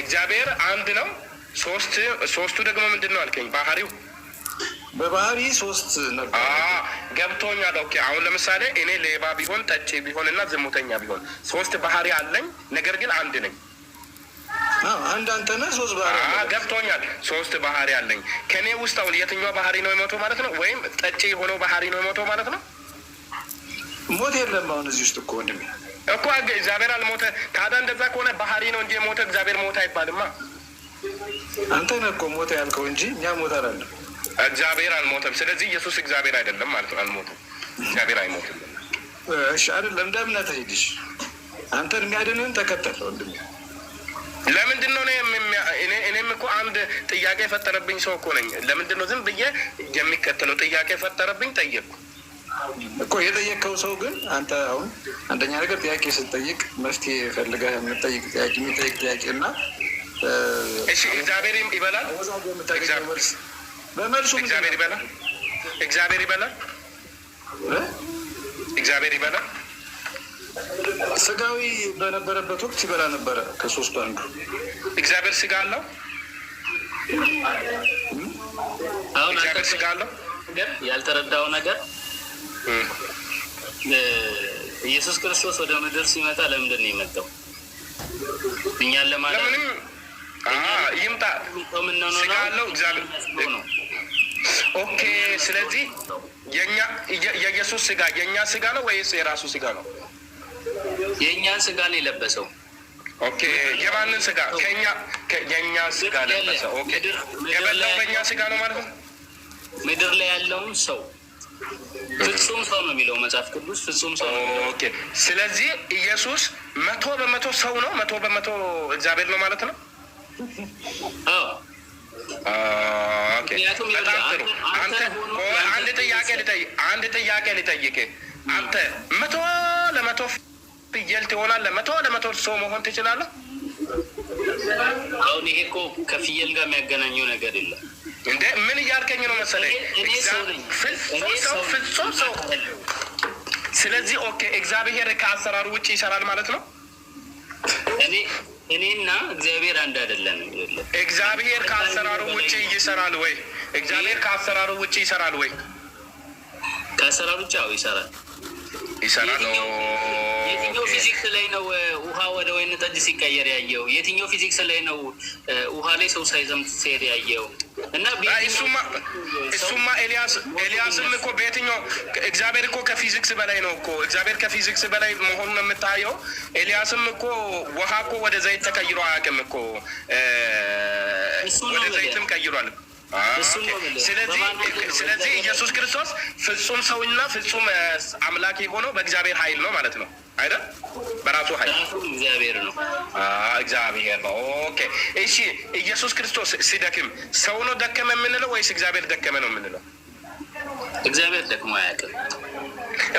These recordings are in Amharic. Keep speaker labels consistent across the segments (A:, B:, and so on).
A: እግዚአብሔር አንድ ነው። ሶስቱ ደግሞ ምንድን ነው አልከኝ? ባህሪው
B: በባህሪ ሶስት ነበር።
A: ገብቶኛል። ኦኬ። አሁን ለምሳሌ እኔ ሌባ ቢሆን ጠጪ ቢሆን እና ዝሙተኛ ቢሆን ሶስት ባህሪ አለኝ፣ ነገር ግን አንድ ነኝ።
B: አንድ አንተ ነህ። ሶስት ባህሪ
A: ገብቶኛል። ሶስት ባህሪ አለኝ። ከእኔ ውስጥ አሁን የትኛው ባህሪ ነው የሞተው ማለት ነው? ወይም ጠጪ የሆነው ባህሪ ነው የሞተው ማለት ነው?
B: ሞት የለም አሁን እዚህ ውስጥ እኮ ወንድሜ
A: እኮ እግዚአብሔር አልሞተ። ታዲያ እንደዛ ከሆነ ባህሪ ነው እንጂ የሞተ እግዚአብሔር ሞተ አይባልማ።
B: አንተ ነህ እኮ ሞተ ያልከው እንጂ እኛ ሞት አላለ።
A: እግዚአብሔር አልሞተም። ስለዚህ ኢየሱስ እግዚአብሔር አይደለም ማለት ነው። አልሞተም። እግዚአብሔር አይሞትም።
B: እሺ አይደለም። ለእምነት ሂድሽ አንተን የሚያድንህን ተከተል ወንድሜ።
A: ለምንድን ነው እኔም እኮ አንድ ጥያቄ የፈጠረብኝ ሰው እኮ ነኝ። ለምንድን ነው ዝም ብዬ የሚከተለው? ጥያቄ የፈጠረብኝ ጠየቅኩ።
B: እኮ የጠየቀው ሰው ግን አንተ አሁን አንደኛ ነገር ጥያቄ ስትጠይቅ መፍትሄ ፈልገህ የምጠይቅ ጥያቄ የሚጠይቅ ጥያቄ እና
A: እግዚአብሔር ይበላል። በመልሱ እግዚአብሔር ይበላል። እግዚአብሔር ይበላል። እግዚአብሔር ይበላል።
B: ስጋዊ በነበረበት ወቅት ይበላ ነበረ። ከሶስት አንዱ
A: እግዚአብሔር ስጋ አለው። እግዚአብሔር ስጋ አለው።
C: ያልተረዳው ነገር ኢየሱስ ክርስቶስ ወደ ምድር ሲመጣ ለምንድን ነው የመጣው? እኛን ለማለት
A: ይምጣ ስጋለው እግዚአብሔር ነው። ኦኬ። ስለዚህ የኢየሱስ ስጋ የእኛ ስጋ ነው ወይስ የራሱ ስጋ ነው?
C: የእኛን ስጋ ነው የለበሰው።
A: ኦኬ። የማንን ስጋ? ከኛ የእኛ ስጋ ለበሰው። ኦኬ። የበላው በእኛ ስጋ ነው ማለት ነው።
C: ምድር ላይ ያለውን ሰው ፍጹም ሰው ነው የሚለው መጽሐፍ ቅዱስ ፍጹም ሰው
A: ነው። ስለዚህ ኢየሱስ መቶ በመቶ ሰው ነው፣ መቶ በመቶ እግዚአብሔር ነው ማለት ነው። አንድ ጥያቄ ልጠይቅ። አንተ መቶ ለመቶ ፍየል ትሆናለህ? መቶ ለመቶ ሰው መሆን ትችላለህ?
C: አሁን ይሄ እኮ ከፍየል ጋር የሚያገናኘው ነገር የለም።
A: እንደ ምን እያልከኝ ነው መሰለኝ ፍጹም ሰው። ስለዚህ ኦኬ፣ እግዚአብሔር ከአሰራሩ ውጭ ይሰራል ማለት ነው።
C: እኔና እግዚአብሔር አንድ አይደለም።
A: እግዚአብሔር ከአሰራሩ ውጭ ይሰራል ወይ? እግዚአብሔር ከአሰራሩ ውጭ ይሰራል ወይ?
C: ከአሰራሩ ውጭ ይሰራል፣ ይሰራል ፊዚክስ ላይ ነው ውሃ ወደ ወይን ጠጅ ሲቀየር ያየው? የትኛው ፊዚክስ ላይ ነው ውሃ ላይ ሰው ሳይዘምት ሲሄድ ያየው?
A: እና እሱማ ኤልያስም እኮ በየትኛው እግዚአብሔር እኮ ከፊዚክስ በላይ ነው እኮ እግዚአብሔር ከፊዚክስ በላይ መሆኑን የምታየው። ኤልያስም እኮ ውሃ እኮ ወደ ዘይት ተቀይሮ አያውቅም እኮ ወደ ዘይትም ቀይሯል። ስለዚህ ኢየሱስ ክርስቶስ ፍጹም ሰውና ፍጹም አምላክ የሆነው በእግዚአብሔር ኃይል ነው ማለት ነው። አይደል? በራሱ ኃይል
C: እግዚአብሔር ነው
A: እግዚአብሔር ነው። ኦኬ እሺ፣ ኢየሱስ ክርስቶስ ሲደክም ሰው ነው ደከመ የምንለው ወይስ እግዚአብሔር ደከመ ነው የምንለው?
C: እግዚአብሔር ደክሞ አያውቅም።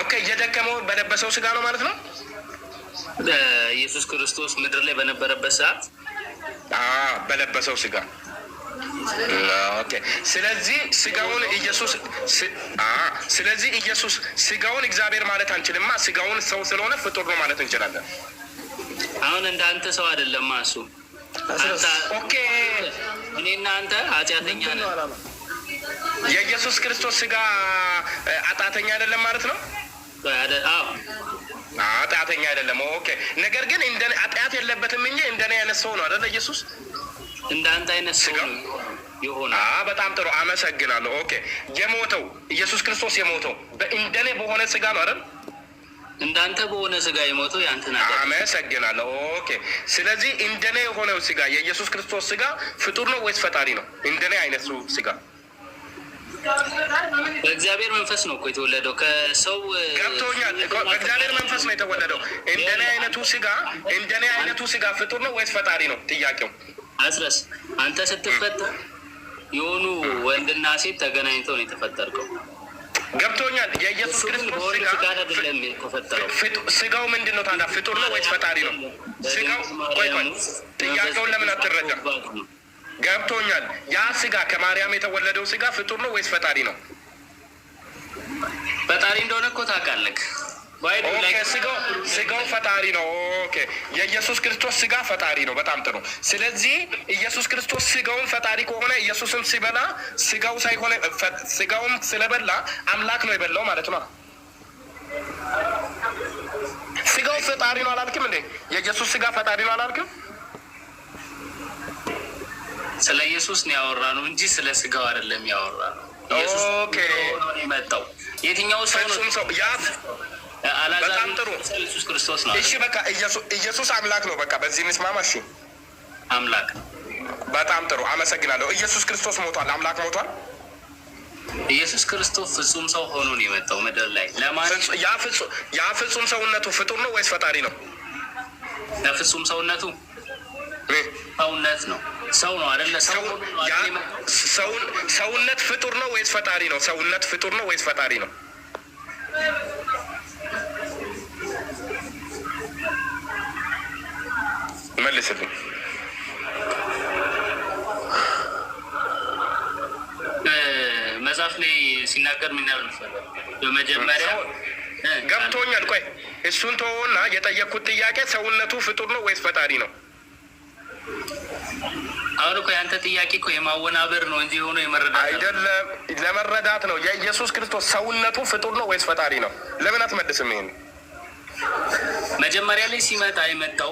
A: ኦኬ፣ እየደከመው በለበሰው ስጋ ነው ማለት ነው።
C: ኢየሱስ ክርስቶስ ምድር ላይ በነበረበት ሰዓት
A: በለበሰው ስጋ ኦኬ። ስለዚህ ስጋውን ኢየሱስ ስለዚህ ኢየሱስ ስጋውን እግዚአብሔር ማለት አንችልማ። ስጋውን ሰው ስለሆነ ፍጡር ነው ማለት እንችላለን።
C: አሁን እንደ ሰው አይደለም እሱ። እኔና አንተ ኃጢአተኛ ነን።
A: የኢየሱስ ክርስቶስ ስጋ አጣተኛ አይደለም ማለት ነው። አጣተኛ አይደለም። ኦኬ። ነገር ግን ኃጢአት የለበትም እንጂ እንደኔ አይነት ሰው ነው አይደለ ኢየሱስ
C: እንደ አንተ አይነት ስጋ የሆነ
A: በጣም ጥሩ አመሰግናለሁ። ኦኬ የሞተው ኢየሱስ ክርስቶስ የሞተው በእንደኔ በሆነ ስጋ ነው አይደል?
C: እንዳንተ በሆነ ስጋ የሞተው ያንተ ነገር።
A: አመሰግናለሁ። ኦኬ ስለዚህ እንደኔ የሆነው ስጋ የኢየሱስ ክርስቶስ ስጋ ፍጡር ነው ወይስ ፈጣሪ ነው? እንደኔ አይነቱ ስጋ
C: በእግዚአብሔር መንፈስ ነው እኮ የተወለደው። ከሰው
A: ገብቶኛል። በእግዚአብሔር መንፈስ ነው የተወለደው። እንደኔ አይነቱ ስጋ እንደኔ አይነቱ ስጋ ፍጡር ነው ወይስ ፈጣሪ ነው? ጥያቄው
C: አስረስ አንተ ስትፈጠር የሆኑ ወንድና ሴት ተገናኝተው ነው የተፈጠርከው።
A: ገብቶኛል። የኢየሱስ ክርስቶስ ስጋው ምንድን ነው ታዲያ? ፍጡር ነው ወይስ ፈጣሪ ነው? ስጋው ቆይ ቆይ፣ ጥያቄውን ለምን አትረዳ? ገብቶኛል። ያ ስጋ ከማርያም የተወለደው ስጋ ፍጡር ነው ወይስ ፈጣሪ ነው?
C: ፈጣሪ እንደሆነ እኮ ታውቃለህ።
A: ስጋው ፈጣሪ ነው። የኢየሱስ ክርስቶስ ስጋ ፈጣሪ ነው። በጣም ጥሩ። ስለዚህ ኢየሱስ ክርስቶስ ስጋውን ፈጣሪ ከሆነ ኢየሱስም ሲበላ ስጋው ሳይሆን ስጋውም ስለበላ አምላክ ነው የበላው ማለት ነው። ስጋው ፈጣሪ ነው አላልክም እንዴ? የኢየሱስ ስጋ ፈጣሪ ነው አላልክም?
C: ስለ ኢየሱስ ነው ያወራ ነው እንጂ ስለ ስጋው አይደለም ያወራ ነው።
A: ኢየሱስ ነው
C: የመጣው የትኛው
A: ሰው ነው በጣም ጥሩ
C: ኢየሱስ ክርስቶስ
A: ነው። እሺ በቃ ኢየሱስ አምላክ ነው። በቃ በዚህ እንስማማ። እሺ አምላክ በጣም ጥሩ አመሰግናለሁ። ኢየሱስ ክርስቶስ ሞቷል። አምላክ ሞቷል።
C: ኢየሱስ ክርስቶስ ፍጹም ሰው ሆኖ ነው የመጣው ምድር ላይ
A: ለማን? ያ ፍጹም ሰውነቱ ፍጡር ነው ወይስ ፈጣሪ ነው?
C: ለፍጹም ሰውነቱ ሰውነት ነው። ሰው ነው አይደለ?
A: ሰውነት ፍጡር ነው ወይስ ፈጣሪ ነው? ሰውነት ፍጡር ነው ወይስ ፈጣሪ ነው? መልስልኝ።
C: መጽሐፍ ላይ ሲናገር ምናምን በመጀመሪያ
A: ገብቶኛል። ቆይ እሱን ተወውና የጠየቅኩት ጥያቄ ሰውነቱ ፍጡር ነው ወይስ ፈጣሪ ነው?
C: አሁን እኮ ያንተ ጥያቄ እኮ የማወናበር ነው እንጂ የሆነ የመረዳት
A: አይደለም፣ ለመረዳት ነው። የኢየሱስ ክርስቶስ ሰውነቱ ፍጡር ነው ወይስ ፈጣሪ ነው? ለምን አትመልስም? ይሄን
C: መጀመሪያ ላይ ሲመጣ የመጣው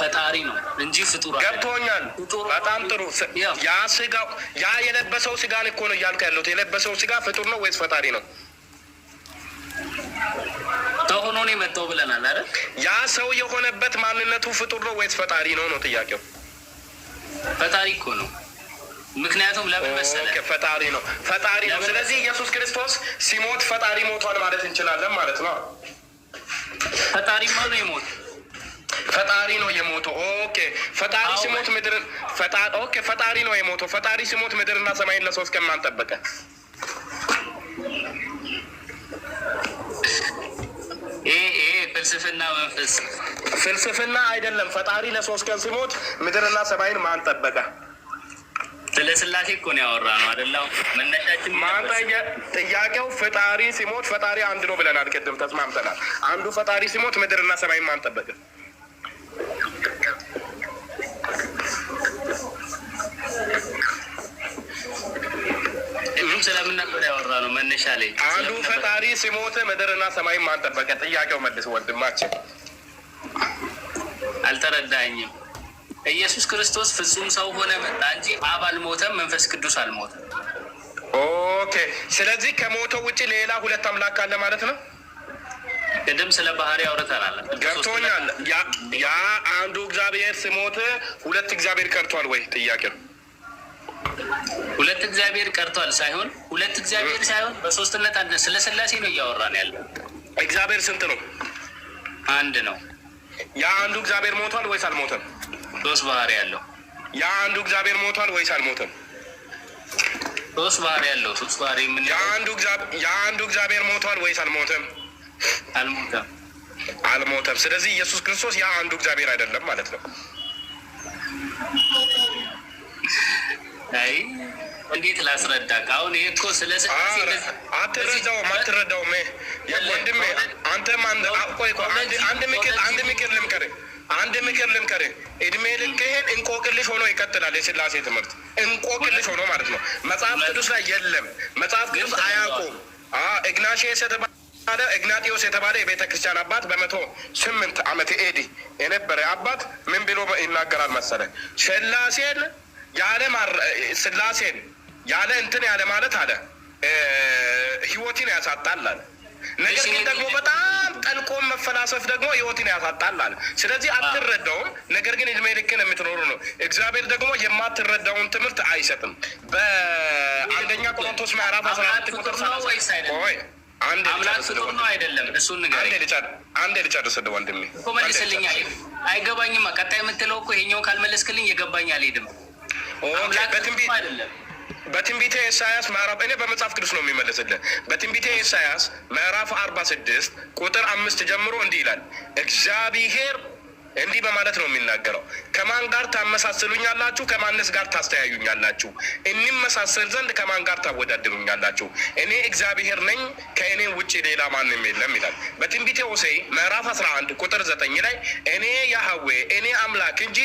C: ፈጣሪ ነው እንጂ ፍጡር
A: ገብቶኛል። በጣም ጥሩ። ያ ስጋ ያ የለበሰው ስጋን እኮ ነው እያልከ ያለሁት። የለበሰው ስጋ ፍጡር ነው ወይስ ፈጣሪ ነው?
C: ተሆኖ ነው የመጣው ብለናል አይደል?
A: ያ ሰው የሆነበት ማንነቱ ፍጡር ነው ወይስ ፈጣሪ ነው ነው ጥያቄው።
C: ፈጣሪ እኮ ነው። ምክንያቱም ለምን መሰለህ?
A: ፈጣሪ ነው፣ ፈጣሪ ነው። ስለዚህ ኢየሱስ ክርስቶስ ሲሞት ፈጣሪ ሞቷል ማለት እንችላለን ማለት ነው።
C: ፈጣሪማ ነው የሞት
A: ፈጣሪ ነው የሞተው። ኦኬ ፈጣሪ ሲሞት ምድር ኦኬ ፈጣሪ ነው የሞተው። ፈጣሪ ሲሞት ምድርና ሰማይ ለሰው እስከማን ማን ጠበቀ?
C: ይሄ ፍልስፍና መንፈስ
A: ፍልስፍና አይደለም። ፈጣሪ ለሶስት ቀን ሲሞት ምድርና ሰማይን ማን ጠበቀ?
C: ስለ ስላሴ እኮ ነው ያወራ ነው አደላው።
A: መነሻችን ጥያቄው ፈጣሪ ሲሞት ፈጣሪ አንድ ነው ብለናል። ቅድም ተስማምተናል። አንዱ ፈጣሪ ሲሞት ምድርና ሰማይን ማን ጠበቀ? አንዱ ፈጣሪ ሲሞት ምድርና ሰማይ ማን ጠበቀ? ጥያቄው መልስ ወንድማችን
C: አልተረዳኝም። ኢየሱስ ክርስቶስ ፍጹም ሰው ሆነ መጣ እንጂ አብ አልሞተም፣ መንፈስ ቅዱስ አልሞተም።
A: ኦኬ። ስለዚህ ከሞተው ውጭ ሌላ ሁለት አምላክ አለ ማለት ነው።
C: ቅድም ስለ ባህሪ አውርተናል፣
A: ገብቶኛል። ያ አንዱ እግዚአብሔር ሲሞት ሁለት እግዚአብሔር ቀርቷል ወይ? ጥያቄ ነው።
C: ሁለት እግዚአብሔር ቀርቷል ሳይሆን ሁለት እግዚአብሔር ሳይሆን በሶስትነት አንድ ስለ ስላሴ ነው እያወራ ነው ያለ።
A: እግዚአብሔር ስንት ነው? አንድ ነው። ያ አንዱ እግዚአብሔር ሞቷል ወይስ አልሞተም?
C: ሶስት ባህሪ ያለው
A: ያ አንዱ እግዚአብሔር ሞቷል ወይስ አልሞተም?
C: ሶስት ባህሪ ያለው ሶስት ባህሪ
A: ምን? ያ አንዱ እግዚአብሔር ሞቷል ወይስ አልሞተም? አልሞተም፣ አልሞተም። ስለዚህ ኢየሱስ ክርስቶስ ያ አንዱ እግዚአብሔር አይደለም ማለት ነው።
C: አይ እንዴት ላስረዳ? አሁን ይሄ እኮ ስለ
A: አትረዳውም አትረዳውም። ወንድሜ አንተም አንድ ምክር አንድ ምክር ልምከርህ አንድ ምክር ልምከርህ። እድሜ ልክህን እንቆቅልሽ ሆኖ ይቀጥላል። የስላሴ ትምህርት እንቆቅልሽ ሆኖ ማለት ነው። መጽሐፍ ቅዱስ ላይ የለም። መጽሐፍ ቅዱስ አያውቁም። ኢግናሽየስ የተባለ ኢግናጢዮስ የተባለ የቤተ ክርስቲያን አባት በመቶ ስምንት ዓመት ኤዲ የነበረ አባት ምን ብሎ ይናገራል መሰለህ ስላሴን የዓለም ስላሴን ያለ እንትን ያለ ማለት አለ ህይወትን ያሳጣል አለ። ነገር ግን ደግሞ በጣም ጠልቆን መፈላሰፍ ደግሞ ህይወትን ያሳጣል አለ። ስለዚህ አትረዳውም። ነገር ግን እድሜ ልክን የምትኖሩ ነው። እግዚአብሔር ደግሞ የማትረዳውን ትምህርት አይሰጥም። በአንደኛ ቆሮንቶስ ምዕራፍ አስራ አራት ቁጥር አምላክ አንድ
C: ነው አይደለም? እሱን
A: ንገረኝ። ልጨርስ ወንድሜ
C: እኮ መልስልኝ። አይገባኝማ። ቀጣይ የምትለው እኮ ይሄኛው ካልመለስክልኝ የገባኝ አልሄድም።
A: አምላክ አይደለም በትንቢተ ኢሳያስ ምዕራፍ እኔ በመጽሐፍ ቅዱስ ነው የሚመለስልን። በትንቢተ ኢሳያስ ምዕራፍ አርባ ስድስት ቁጥር አምስት ጀምሮ እንዲህ ይላል እግዚአብሔር እንዲህ በማለት ነው የሚናገረው። ከማን ጋር ታመሳስሉኛላችሁ? ከማንስ ጋር ታስተያዩኛላችሁ? እንመሳሰል ዘንድ ከማን ጋር ታወዳድሩኛላችሁ? እኔ እግዚአብሔር ነኝ፣ ከእኔ ውጭ ሌላ ማንም የለም ይላል። በትንቢተ ሆሴዕ ምዕራፍ 11 ቁጥር 9 ላይ እኔ ያህዌ እኔ አምላክ እንጂ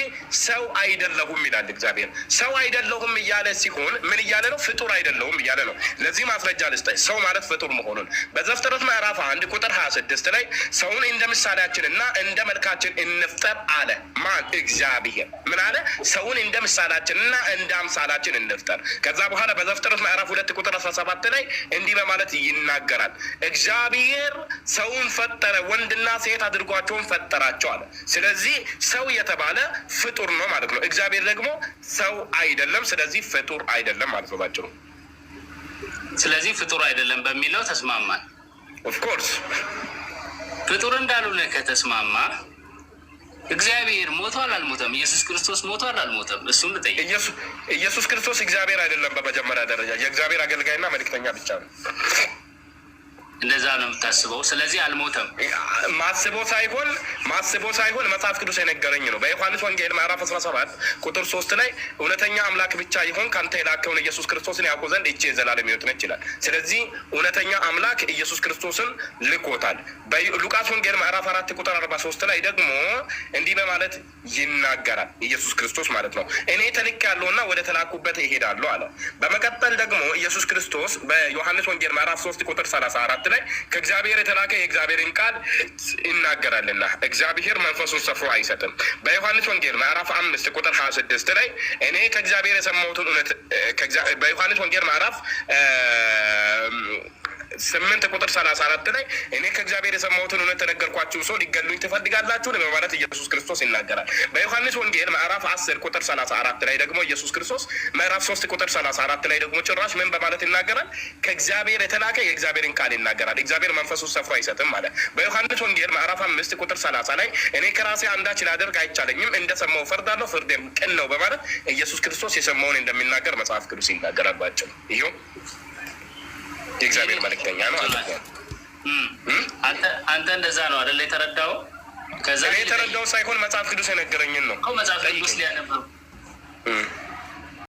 A: ሰው አይደለሁም ይላል እግዚአብሔር። ሰው አይደለሁም እያለ ሲሆን ምን እያለ ነው? ፍጡር አይደለሁም እያለ ነው። ለዚህ ማስረጃ ልስጠ ሰው ማለት ፍጡር መሆኑን በዘፍጥረት ምዕራፍ 1 ቁጥር 26 ላይ ሰውን እንደ ምሳሌያችንና እንደ መልካችን እንፍ መፍጠር አለ። ማን? እግዚአብሔር። ምን አለ? ሰውን እንደ እና እንደ አምሳላችን እንፍጠር። ከዛ በኋላ በዘፍጥረት ምዕራፍ ሁለት ቁጥር አስራ ሰባት ላይ እንዲህ በማለት ይናገራል። እግዚአብሔር ሰውን ፈጠረ፣ ወንድና ሴት አድርጓቸውን ፈጠራቸው አለ። ስለዚህ ሰው የተባለ ፍጡር ነው ማለት ነው። እግዚአብሔር ደግሞ ሰው አይደለም፣ ስለዚህ ፍጡር አይደለም ማለት ነው ባጭሩ።
C: ስለዚህ ፍጡር አይደለም በሚለው ተስማማል። ኦፍኮርስ ፍጡር እንዳልሆነ ከተስማማ እግዚአብሔር ሞቷል አልሞተም? ኢየሱስ ክርስቶስ ሞቷል አልሞተም? እሱን ልጠይቅ።
A: ኢየሱስ ክርስቶስ እግዚአብሔር አይደለም። በመጀመሪያ ደረጃ የእግዚአብሔር አገልጋይና መልእክተኛ ብቻ ነው።
C: እንደዛ ነው የምታስበው። ስለዚህ አልሞተም።
A: ማስበው ሳይሆን ማስበው ሳይሆን መጽሐፍ ቅዱስ የነገረኝ ነው። በዮሐንስ ወንጌል ምዕራፍ 17 ቁጥር ሶስት ላይ እውነተኛ አምላክ ብቻ ይሆን ከአንተ የላከውን ኢየሱስ ክርስቶስን ያውቁ ዘንድ ይቺ የዘላለም ሕይወት ነች ይላል። ስለዚህ እውነተኛ አምላክ ኢየሱስ ክርስቶስን ልኮታል። በሉቃስ ወንጌል ምዕራፍ አራት ቁጥር 43 ላይ ደግሞ እንዲህ በማለት ይናገራል ኢየሱስ ክርስቶስ ማለት ነው። እኔ ተልክ ያለውና ወደ ተላኩበት ይሄዳለሁ አለ። በመቀጠል ደግሞ ኢየሱስ ክርስቶስ በዮሐንስ ወንጌል ምዕራፍ 3 ቁጥር 34 ላይ ከእግዚአብሔር የተላከ የእግዚአብሔርን ቃል ይናገራልና እግዚአብሔር መንፈሱን ሰፍሮ አይሰጥም። በዮሐንስ ወንጌል ምዕራፍ አምስት ቁጥር ሀያ ስድስት ላይ እኔ ከእግዚአብሔር የሰማሁትን እውነት በዮሐንስ ወንጌል ምዕራፍ ስምንት ቁጥር ሰላሳ አራት ላይ እኔ ከእግዚአብሔር የሰማሁትን እውነት ተነገርኳችሁ፣ ሰው ሊገሉኝ ትፈልጋላችሁን? በማለት ኢየሱስ ክርስቶስ ይናገራል። በዮሐንስ ወንጌል ምዕራፍ አስር ቁጥር ሰላሳ አራት ላይ ደግሞ ኢየሱስ ክርስቶስ ምዕራፍ ሶስት ቁጥር ሰላሳ አራት ላይ ደግሞ ጭራሽ ምን በማለት ይናገራል? ከእግዚአብሔር የተላከ የእግዚአብሔርን ቃል ይናገራል። እግዚአብሔር መንፈሱ ሰፍሮ አይሰጥም ማለት። በዮሐንስ ወንጌል ምዕራፍ አምስት ቁጥር ሰላሳ ላይ እኔ ከራሴ አንዳች ላደርግ አይቻለኝም፣ እንደሰማው ፈርዳለሁ፣ ፍርዴም ቅን ነው በማለት ኢየሱስ ክርስቶስ የሰማውን እንደሚናገር መጽሐፍ ቅዱስ ይናገራል። ባጭሩ የእግዚአብሔር መልእክተኛ ነው አለ።
C: አንተ እንደዛ ነው አደለ የተረዳው?
A: ከዛ የተረዳው ሳይሆን መጽሐፍ ቅዱስ የነገረኝን ነው
C: መጽሐፍ ቅዱስ ሊያነበሩ